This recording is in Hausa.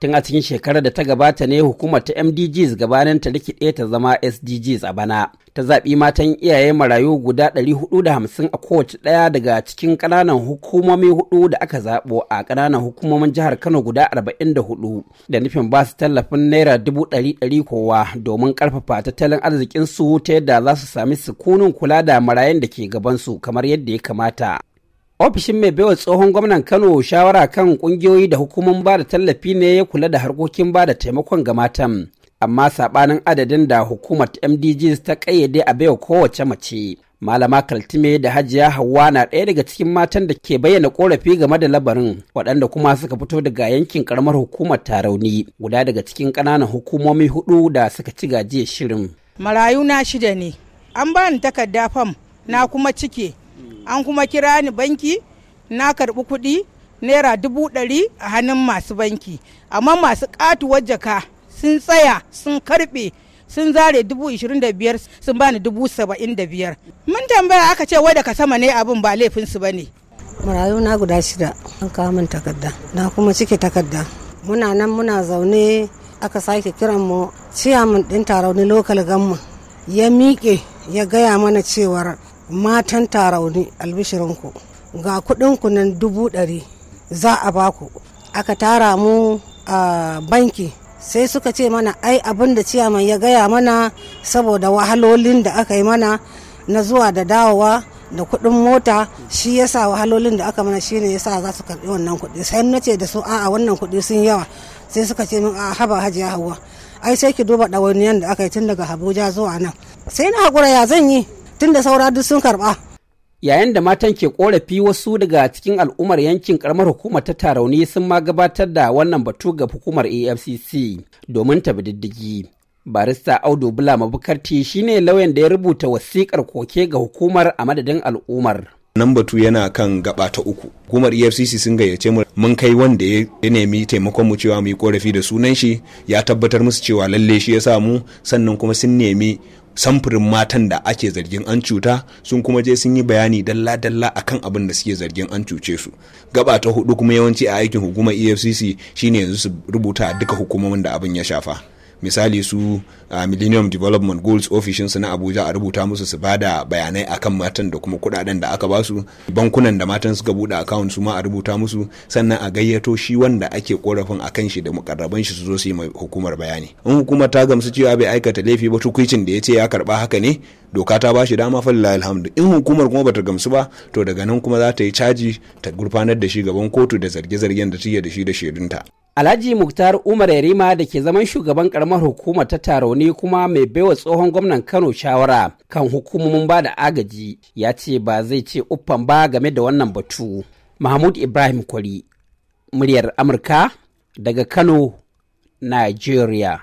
tun a cikin shekarar da ta gabata ne hukumar ta mdgs gabanin ta rikide ta zama sdgs a bana ta zaɓi matan iyaye marayu guda 450 a kowace ɗaya daga cikin ƙananan hukumomi hudu da aka zaɓo a ƙananan hukumomin jihar kano guda 44 da nufin ba su tallafin naira dubu ɗari kowa domin ƙarfafa tattalin arzikinsu ta yadda za su sami sukunin kula da marayun da ke gabansu kamar yadda ya kamata ofishin mai baiwa tsohon gwamnan kano shawara kan kungiyoyi da hukumomin ba da tallafi ne ya kula da harkokin ba da taimakon ga matan amma sabanin adadin da hukumar mdgs ta kayyade a baiwa kowace mace malama kaltime da hajiya hawa na ɗaya daga cikin matan da ke bayyana korafi game da labarin waɗanda kuma suka fito daga yankin karamar hukumar tarauni guda daga cikin ƙananan hukumomi hudu da suka ci gajiyar shirin marayu na shida ne an bani takarda fam na kuma cike an kuma kira ni banki na karbi kuɗi naira dubu ɗari a hannun masu banki amma masu katuwar jaka sun tsaya sun karɓe sun zare dubu ishirin da biyar sun bani dubu saba'in da biyar mun tambaya aka ce wai daga sama ne abin ba laifinsu ba ne marayu na guda shida an kawo min takarda na kuma cike takarda muna nan muna zaune aka sake kiran mu ciyamin din taron lokal gamma ya miƙe ya gaya mana cewar matan tarauni albishirinku ga kudinku nan dubu ɗari za a baku aka tara mu a banki sai suka ce mana ai abin da ciyaman ya gaya mana saboda wahalolin da aka yi mana na zuwa da dawowa da kudin mota shi ya sa wahalolin da aka mana shine sa za su karɓi wannan kuɗi sai na ce da su a'a wannan kuɗi sun yawa sai suka ce min a haba hajiya hawa ai sai ki duba ɗawainiyan da aka yi tun daga Habuja zuwa nan sai na haƙura ya zan yi tun da saura duk sun karba. Yayin da matan ke korafi wasu daga cikin al'ummar yankin karamar hukumar ta tarauni sun ma gabatar da wannan batu ga hukumar AFCC domin ta diddigi. Barista Audu Bula Mabukarti shine lauyan da ya rubuta wasiƙar koke ga hukumar a madadin al'ummar. nan batu yana kan gaba ta uku hukumar efcc sun gayyace mu mun kai wanda ya nemi taimakon mu cewa mu yi korafi da sunan shi ya tabbatar musu cewa lalle shi ya samu sannan kuma sun nemi samfurin matan da ake zargin an cuta sun kuma je sun yi bayani dalla-dalla akan abin da suke zargin an cuce su gaba ta hudu kuma yawanci a aikin hukumar efcc shine yanzu su rubuta duka hukumomin da abin ya shafa misali su uh, millennium development goals su na abuja a rubuta musu su bada bayanai akan matan da kuma kudaden da aka basu bankunan da matan suka bude account su ma a rubuta musu sannan a gayyato shi wanda ake korafin akan shi da mukarraban shi su zo su yi hukumar bayani in hukumar ta gamsu cewa bai aikata laifi ba tukuicin da ya ce ya karba haka ne doka ta ba shi dama falila alhamdu in hukumar kuma bata gamsu ba to daga nan kuma za ta yi caji ta gurfanar da shi gaban kotu da zarge-zargen da take da shi da shaidunta Alhaji Muktar Umar Yarima da ke zaman shugaban karamar hukumar ta taro ne kuma mai baiwa tsohon gwamnan Kano shawara kan hukumomin ba da agaji ya ce ba zai ce uffan ba game da wannan batu. Mahmud Ibrahim Kwari, muryar Amurka daga Kano, Nigeria.